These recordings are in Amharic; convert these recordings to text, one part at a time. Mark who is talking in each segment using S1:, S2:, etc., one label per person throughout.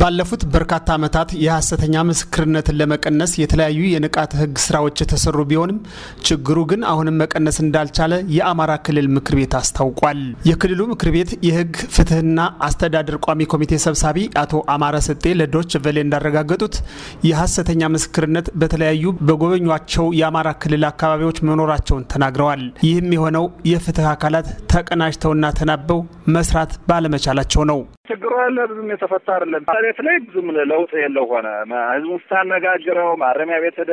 S1: ባለፉት በርካታ ዓመታት የሐሰተኛ ምስክርነትን ለመቀነስ የተለያዩ የንቃተ ህግ ስራዎች የተሰሩ ቢሆንም ችግሩ ግን አሁንም መቀነስ እንዳልቻለ የአማራ ክልል ምክር ቤት አስታውቋል። የክልሉ ምክር ቤት የህግ ፍትህና አስተዳደር ቋሚ ኮሚቴ ሰብሳቢ አቶ አማረ ስጤ ለዶች ቨሌ እንዳረጋገጡት የሐሰተኛ ምስክርነት በተለያዩ በጎበኟቸው የአማራ ክልል አካባቢዎች መኖራቸውን ተናግረዋል። ይህም የሆነው የፍትህ አካላት ተቀናጅተውና ተናበው መስራት ባለመቻላቸው ነው።
S2: ችግሩ አለ ብዙም የተፈታ አይደለም። ቤት ላይ ብዙም ለውጥ የለው ሆነ። ህዝቡ ስታነጋግረው ማረሚያ ቤት ሄደ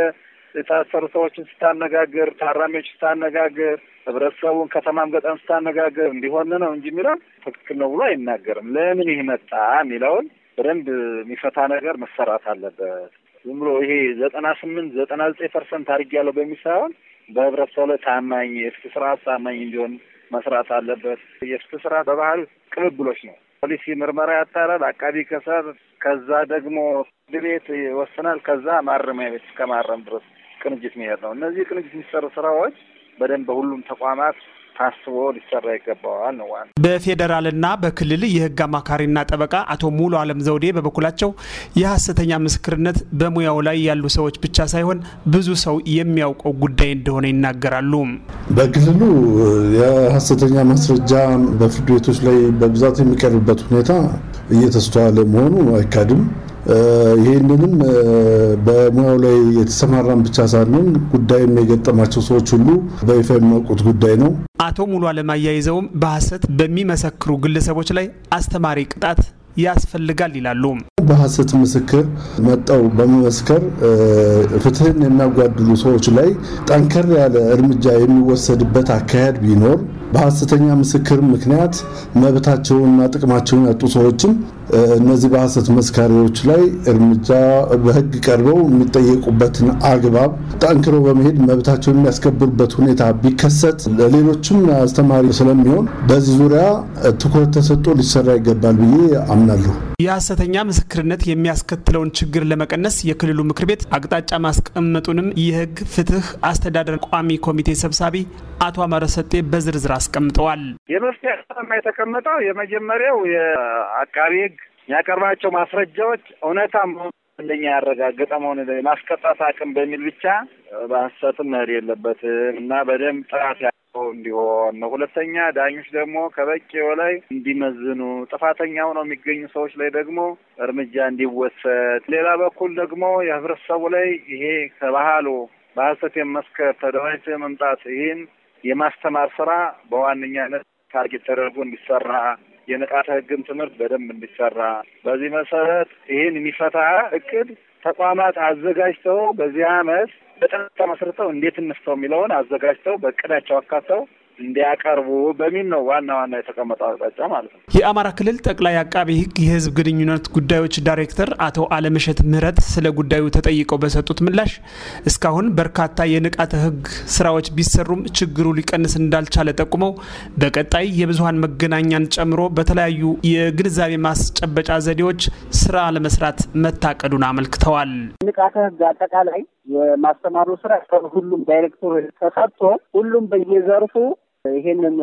S2: የታሰሩ ሰዎችን ስታነጋግር፣ ታራሚዎች ስታነጋግር፣ ህብረተሰቡን ከተማም ገጠም ስታነጋግር እንዲሆን ነው እንጂ የሚለው ትክክል ነው ብሎ አይናገርም። ለምን ይህ መጣ የሚለውን በደንብ የሚፈታ ነገር መሰራት አለበት። ዝም ብሎ ይሄ ዘጠና ስምንት ዘጠና ዘጠኝ ፐርሰንት አድርጌያለሁ በሚል ሳይሆን በህብረተሰቡ ላይ ታማኝ የፍትህ ስርዓት ታማኝ እንዲሆን መስራት አለበት። የፍትህ ስርዓት በባህል ቅብብሎች ነው። ፖሊሲ ምርመራ ያጣራል፣ አቃቢ ከሰር ከዛ ደግሞ ፍርድ ቤት ይወስናል። ከዛ ማረሚያ ቤት እስከ ማረም ድረስ ቅንጅት መሄድ ነው። እነዚህ ቅንጅት የሚሰሩ ስራዎች በደንብ በሁሉም ተቋማት ታስቦ ሊሰራ ይገባዋል ነው ዋና
S1: በፌዴራልና በክልል የህግ አማካሪና ጠበቃ አቶ ሙሉ አለም ዘውዴ በበኩላቸው የሀሰተኛ ምስክርነት በሙያው ላይ ያሉ ሰዎች ብቻ ሳይሆን ብዙ ሰው የሚያውቀው ጉዳይ እንደሆነ ይናገራሉ።
S3: በክልሉ የሀሰተኛ ማስረጃ በፍርድ ቤቶች ላይ በብዛት የሚቀርብበት ሁኔታ እየተስተዋለ መሆኑ አይካድም። ይህንንም በሙያው ላይ የተሰማራን ብቻ ሳንሆን ጉዳይም የገጠማቸው ሰዎች ሁሉ በይፋ የሚያውቁት ጉዳይ ነው።
S1: አቶ ሙሉ አለም አያይዘውም በሀሰት በሚመሰክሩ ግለሰቦች ላይ አስተማሪ ቅጣት ያስፈልጋል ይላሉ።
S3: በሀሰት ምስክር መጠው በመመስከር ፍትህን የሚያጓድሉ ሰዎች ላይ ጠንከር ያለ እርምጃ የሚወሰድበት አካሄድ ቢኖር በሀሰተኛ ምስክር ምክንያት መብታቸውንና ጥቅማቸውን ያጡ ሰዎችም እነዚህ በሐሰት መስካሪዎች ላይ እርምጃ በህግ ቀርበው የሚጠየቁበትን አግባብ ጠንክረው በመሄድ መብታቸው የሚያስከብሩበት ሁኔታ ቢከሰት ለሌሎችም አስተማሪ ስለሚሆን በዚህ ዙሪያ ትኩረት ተሰጥቶ ሊሰራ ይገባል ብዬ አምናለሁ።
S1: የሐሰተኛ ምስክርነት የሚያስከትለውን ችግር ለመቀነስ የክልሉ ምክር ቤት አቅጣጫ ማስቀመጡንም የህግ ፍትህ አስተዳደር ቋሚ ኮሚቴ ሰብሳቢ አቶ አማረ ሰጤ በዝርዝር አስቀምጠዋል።
S2: የመፍትሄ የተቀመጠው የመጀመሪያው የአቃቤ የሚያቀርባቸው ማስረጃዎች እውነታ መሆኑ አንደኛ ያረጋገጠ መሆን የማስቀጣት አቅም በሚል ብቻ በሀሰትም መሄድ የለበትም እና በደንብ ጥራት ያለው እንዲሆን ነው። ሁለተኛ ዳኞች ደግሞ ከበቂ በላይ እንዲመዝኑ፣ ጥፋተኛ ሆነው የሚገኙ ሰዎች ላይ ደግሞ እርምጃ እንዲወሰድ፣ ሌላ በኩል ደግሞ የህብረተሰቡ ላይ ይሄ ከባህሉ በሀሰት የመስከር ተደራጅ መምጣት ይህን የማስተማር ስራ በዋነኛነት ታርጌት ተደርጎ እንዲሰራ የንቃተ ህግም ትምህርት በደንብ እንዲሰራ በዚህ መሰረት ይህን የሚፈታ እቅድ ተቋማት አዘጋጅተው በዚህ አመት በጥናት ተመስርተው እንዴት እንስተው የሚለውን አዘጋጅተው በእቅዳቸው አካተው እንዲያቀርቡ በሚል ነው ዋና ዋና የተቀመጠው አቅጣጫ ማለት ነው።
S1: የአማራ ክልል ጠቅላይ አቃቢ ሕግ የህዝብ ግንኙነት ጉዳዮች ዳይሬክተር አቶ አለመሸት ምህረት ስለ ጉዳዩ ተጠይቀው በሰጡት ምላሽ እስካሁን በርካታ የንቃተ ሕግ ስራዎች ቢሰሩም ችግሩ ሊቀንስ እንዳልቻለ ጠቁመው በቀጣይ የብዙሀን መገናኛን ጨምሮ በተለያዩ የግንዛቤ ማስጨበጫ ዘዴዎች ስራ ለመስራት መታቀዱን አመልክተዋል።
S2: ንቃተ ሕግ አጠቃላይ የማስተማሩ ስራ ሁሉም ዳይሬክተሮች ተሰጥቶ ሁሉም በየዘርፉ ይሄንን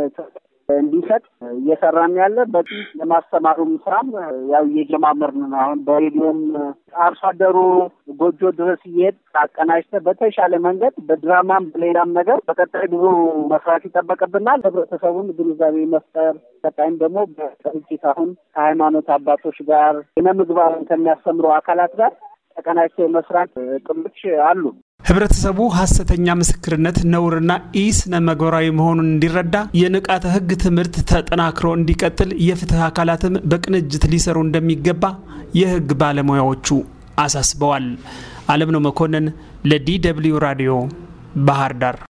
S2: እንዲሰጥ እየሰራን ያለ በቂ የማስተማሩም ስራም ያው እየጀማመርን ነው። አሁን በሬዲዮም አርሶ አደሩ ጎጆ ድረስ እየሄድ አቀናጅተ በተሻለ መንገድ በድራማም በሌላም ነገር በቀጣይ ብዙ መስራት ይጠበቅብናል። ህብረተሰቡን ግንዛቤ መፍጠር ቀጣይም ደግሞ በቅርጭት አሁን ከሃይማኖት አባቶች ጋር የነምግባርን ከሚያስተምሩ አካላት ጋር ተቀናጅቶ መስራት ጥምች አሉ።
S1: ህብረተሰቡ ሀሰተኛ ምስክርነት ነውርና ኢስነ መግበራዊ መሆኑን እንዲረዳ የንቃተ ህግ ትምህርት ተጠናክሮ እንዲቀጥል የፍትህ አካላትም በቅንጅት ሊሰሩ እንደሚገባ የህግ ባለሙያዎቹ አሳስበዋል። አለም ነው መኮንን ለዲ ደብልዩ ራዲዮ ባህር ዳር